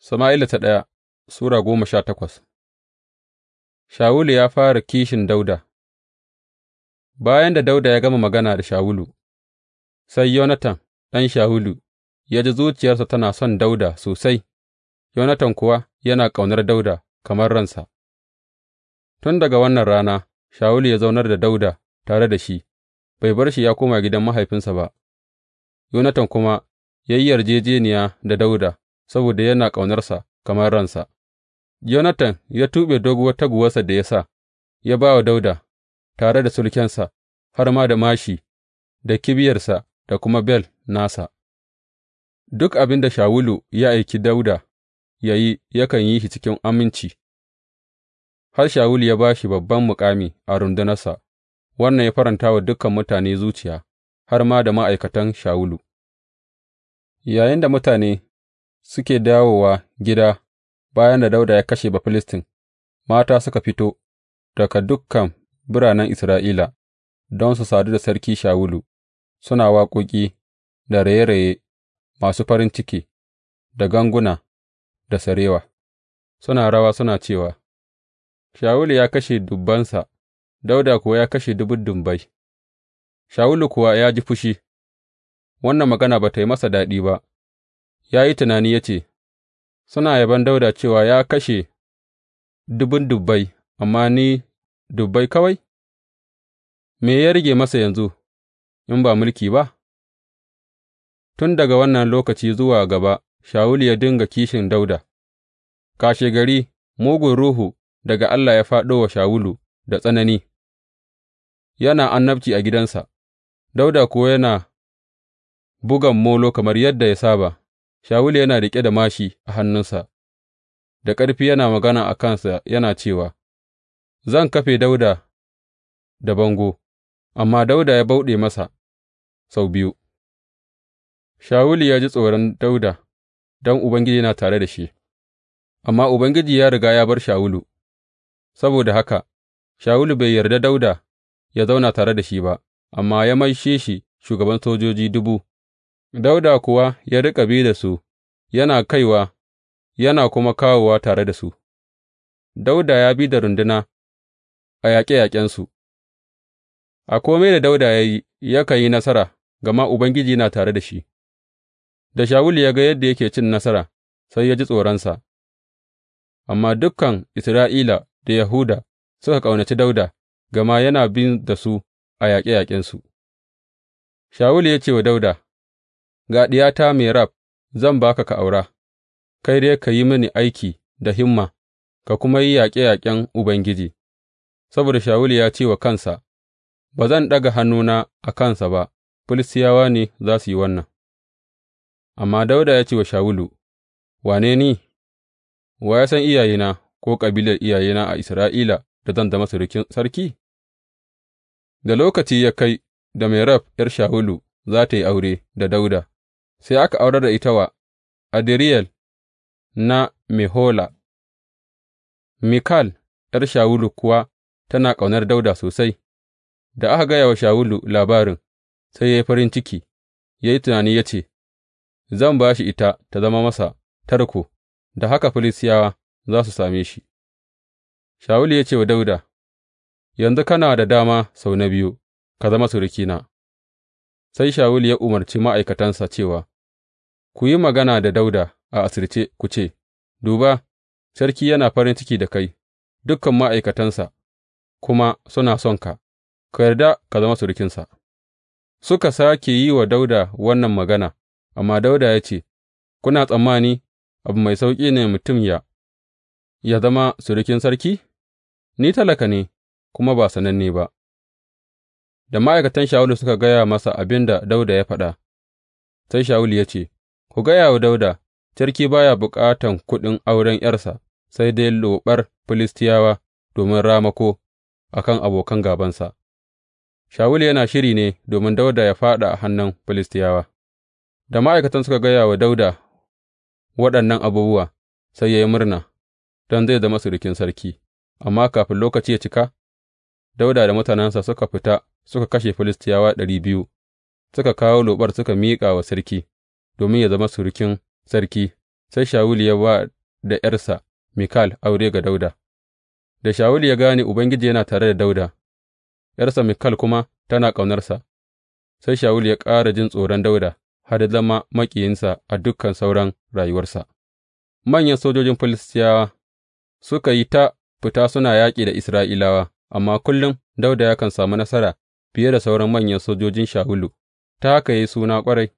Sama'ila ta ɗaya Sura goma sha takwas Shawulu ya fara kishin Dauda Bayan da Dauda ya gama magana da Shawulu, sai Yonatan ɗan Shawulu ya ji zuciyarsa tana son Dauda sosai, Yonatan kuwa yana ƙaunar Dauda kamar ransa. Tun daga wannan rana, Shawulu ya zaunar da Dauda tare da shi, bai bar shi ya koma gidan mahaifinsa ba, Yonatan kuma ya yi yarjejeniya da Dauda saboda yana ƙaunarsa kamar ransa, Yonatan ya tuɓe doguwar taguwarsa da ya sa, ya ba wa Dawuda tare da sulkensa, har ma da mashi da kibiyarsa da kuma bel nasa. Duk abin da Shawulu ya aiki Dauda ya yi, yakan yi shi cikin aminci, har Shawulu ya ba shi babban muƙami a rundunarsa, wannan ya faranta wa dukan mutane zuciya, har ma da ma'aikatan Shawulu. yayin da mutane suke dawowa gida bayan da Dawuda ya kashe Bafilistin, mata suka fito daga dukkan biranen Isra'ila don su sadu da Sarki Shawulu, suna waƙoƙi da raye-raye masu farin ciki, da ganguna, da sarewa, suna rawa suna cewa, Shawulu ya kashe dubbansa, Dawuda kuwa ya kashe dubun dubbai, Shawulu kuwa ya ji fushi, wannan magana ba ta yi masa daɗi ba. ya yi tunani ya ce, Suna yabon Dawuda cewa ya kashe dubun dubbai, amma ni dubbai kawai? Me ya rige masa yanzu in ba mulki ba? Tun daga wannan lokaci zuwa gaba, Shawulu ya dinga kishin Dawuda, kashegari mugun ruhu daga Allah ya faɗo wa Shawulu da tsanani, yana annabci a gidansa, Dauda kuwa yana bugan molo kamar yadda ya saba. Shawulu yana riƙe da māshi a hannunsa, da ƙarfi yana magana a kansa yana cewa, Zan kafe Dauda da bango, amma Dauda ya bauɗe masa sau biyu Shawulu ya ji tsoron Dauda don Ubangiji yana tare da shi, amma Ubangiji ya riga ya bar Shawulu, saboda haka Shawulu bai yarda Dauda ya zauna tare da shi ba, amma ya maishe shi shugaban sojoji dubu. Dawuda kuwa ya riƙa bi da su, yana kaiwa yana kuma kawowa tare da su, Dawuda ya bi da runduna a yaƙe yaƙensu, a kome da Dawuda ya yi, yakan yi nasara, gama Ubangiji yana tare da shi, da Shawulu ya ga yadda yake cin nasara, sai ya ji tsoronsa, amma dukkan Isra'ila da Yahuda suka ƙaunaci Dawuda, gama yana bin da su a yaƙe yaƙensu. Shawulu ya ce wa Dawuda. Ga diyata Merab, zan ba ka ka aura, kai dai ka yi mini aiki da himma, ka kuma yi yaƙe-yaƙen Ubangiji, saboda Shawulu ya ce wa kansa, Ba zan ɗaga hannuna a kansa ba, Filistiyawa ne za su yi wannan. Amma Dauda ya ce wa Shawulu, Wane ni, wa ya san iyayena ko kabilar iyayena a Isra'ila da zan zama surukin sarki? Da lokaci ya kai da Merab ’yar Shawulu za ta yi aure da Dauda. sai aka aurar da ita wa Adiriyel na Mehola, Mikal ’yar Shawulu kuwa tana ƙaunar Dauda sosai, da aka gaya wa Shawulu labarin, sai ya yi farin ciki, ya yi tunani ya ce, Zan ba shi ita ta zama masa tarko, da haka Filistiyawa za su same shi. Shawulu ya ce wa Dauda, Yanzu kana da dama sau na biyu, ka zama surukina. Sai Shawulu ya umarci ma'aikatansa cewa, Ku yi magana da Dawuda a asirce ku ce, Duba, sarki yana farin ciki da kai, dukan ma'aikatansa kuma suna son ka Ka yarda ka zama surukinsa. Suka sake yi wa Dawuda wannan magana, amma Dawuda ya ce, Kuna tsammani abu mai sauƙi ne mutum ya, ya zama surukin sarki? Ni talaka ne, kuma ba sananne ba. Da ma'aikatan Shawulu suka gaya masa abin da Dawuda ya faɗa, sai Shawulu ya ce, Ku gaya wa Dawuda, sarki ba ya bukatan kuɗin auren ’yarsa, sai dai loɓar Filistiyawa domin ramako a kan abokan gābansa. Shawulu yana shiri ne domin Dawuda ya faɗa a hannun Filistiyawa. Da ma'aikatan suka gaya wa Dawuda waɗannan abubuwa, sai ya yi murna, don zai zama surukin sarki, amma kafin lokaci ya cika, Dauda da mutanensa suka fita suka kashe Filistiyawa ɗari biyu, suka kawo loɓar suka miƙa wa sarki, domin ya zama surukin sarki, sai Shawulu ya ba da ’yarsa Mikal aure ga Dauda. Da Shawulu ya gane Ubangiji yana tare da Dauda, ’yarsa Mikal kuma tana ƙaunarsa, sai Shawulu ya ƙara jin tsoron Dauda har ya zama maƙiyinsa a dukkan sauran rayuwarsa. Manyan sojojin Filistiyawa suka yi ta fita suna yaƙi da Isra'ilawa, amma kullum dauda yakan sami nasara fiye da sauran manyan sojojin Shawulu, ta haka ya yi suna ƙwarai.